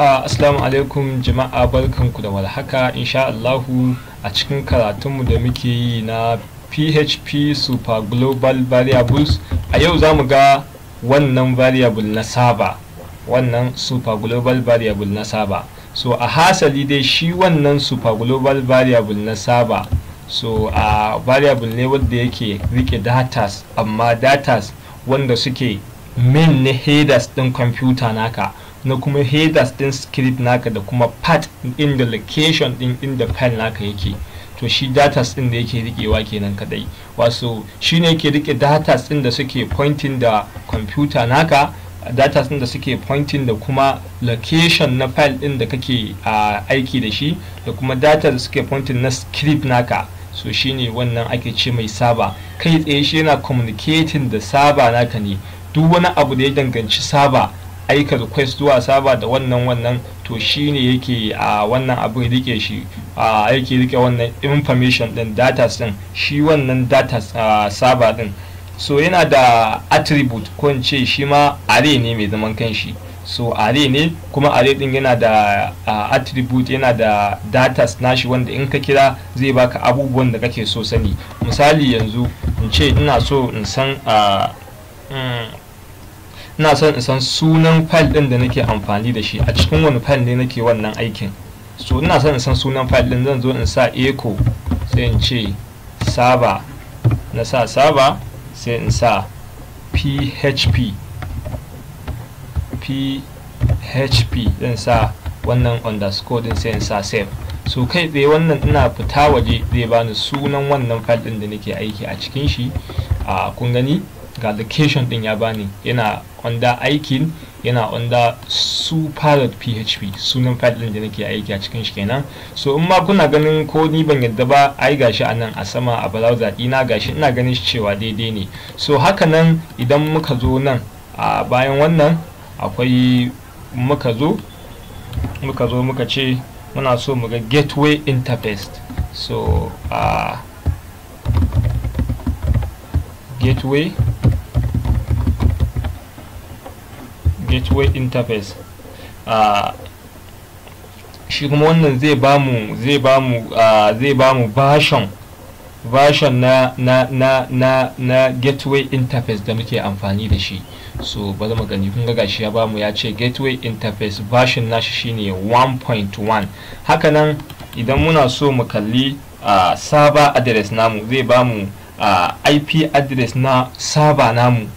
Ah, assalamu alaikum jama'a barkanku da walhaka insha Allahu a cikin karatunmu da muke yi na PHP Super Global Variables a yau za mu ga wannan variable na saba wannan Super Global Variable na saba so a hasali dai shi wannan Super Global Variable na saba so a uh, variable ne wanda yake rike datas amma datas wanda suke min ne headers din kwamfuta naka na kuma headers din script naka da kuma part in da location din inda file naka yake to shi datas din da yake rikewa kenan kadai wasu shine yake rike datas din da suke pointing da computer naka datas din da suke pointing da kuma location na file din da kake aiki da shi da kuma data da suke pointing na script naka so shine wannan ake ce mai saba kai tsaye shi yana communicating da saba naka ne duk wani abu da ya danganci saba aika request zuwa saba da wannan wannan to shine yake a wannan abin rike shi a yake rike wannan information din data din shi wannan data saba din so yana da attribute ko ce shi ma are ne mai zaman kanshi so are ne kuma are din yana da uh, attribute yana da datas nashi wanda in ka kira zai baka abubuwan da kake so sani misali yanzu in ce ina so in san uh, mm, ina son in san sunan file ɗin da nake amfani da shi a cikin wani file ne nake wannan aikin so ina son in san sunan file ɗin zan zo in sa echo sai in ce saba na sa saba sai in sa php php zan sa wannan underscore din sai in sa save so kai tsaye wannan ina fita waje zai bani sunan wannan file ɗin da nake aiki a cikin shi a ah, kun gani ga location din ya bani yana under aikin yana under pilot php sunan file din da nake aiki a cikin shi kenan so in ma kuna ganin ko ni ban yadda ba ai gashi a nan a sama a browser ina gashi ina ganin shi cewa daidai ne so haka nan idan muka zo nan a bayan wannan akwai muka zo muka zo muka ce muna so muga ga gateway interface so a uh, gateway gateway interface ah, shi kuma wannan zai bamu zai bamu ah, zai bamu version version na na na na na gateway interface da muke amfani da shi so bari mu gani kun ga gashi ya bamu ya ce gateway interface version nashi shine 1.1 hakanan idan muna so mu kalli ah, server address namu zai bamu uh, IP address na server namu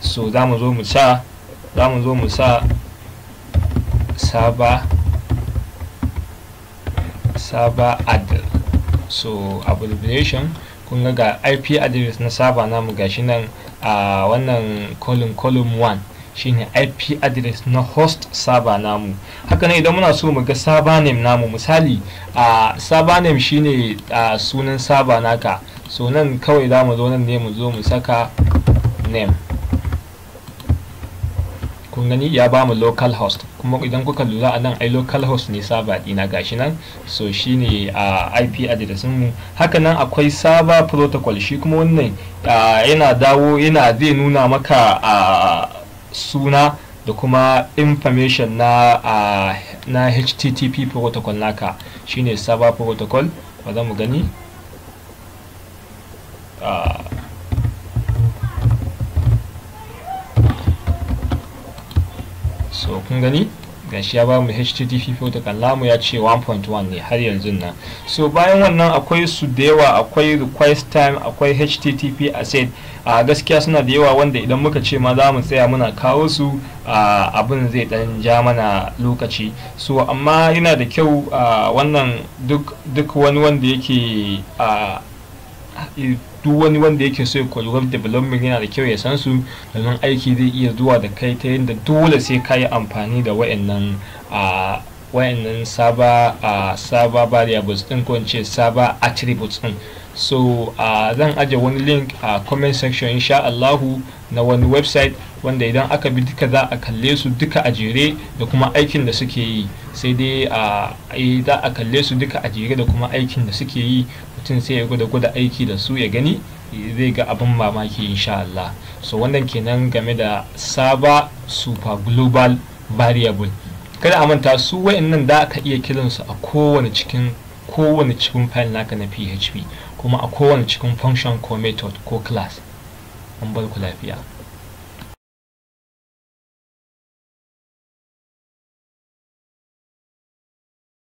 so za mu zo mu sa za mu zo mu sa saba saba ad so abbreviation kun ga ip address na saba namu gashi nan a wannan column column 1 shine ip address na host saba namu haka nan idan muna so mu ga saba name namu misali a saba name shine a sunan saba naka so nan kawai za mu zo nan ne mu zo mu saka name kun gani ya ba mu local host kuma idan kuka lura a nan ai local host ne saba dina gashi nan so shine a IP address mu haka nan akwai saba protocol shi kuma wannan yana dawo yana zai nuna maka a suna da kuma information na na HTTP protocol naka shine saba protocol ba za mu gani so kun gani gashi ya bamu http protocol lamu ya ce 1.1 ne har yanzu nan so bayan wannan akwai su da yawa akwai request time akwai http asset a gaskiya suna da yawa wanda idan muka ce ma za mu tsaya muna kawo su abin zai dan ja mana lokaci so amma yana da kyau wannan duk wani wanda yake duk wani wanda yake so ya koyi web development yana da kyau ya san su domin aiki zai iya zuwa da kai ta yadda dole sai ka yi amfani da wayannan a wayannan saba a saba variables din ko in ce saba attributes din so uh, zan aje wani link a comment section insha Allahu na wani website wanda idan aka bi duka za a kalle su duka a jere da kuma aikin da suke yi sai dai a za a kalle su duka a jere da kuma aikin da suke yi mutum sai ya gwada gwada aiki da su ya gani zai ga abin mamaki insha Allah so wannan kenan game da saba super global variable kada a manta su wayannan da aka iya kiransu a kowane cikin kowane cikin file naka na php kuma a kowane cikin function ko method ko class an bar ku lafiya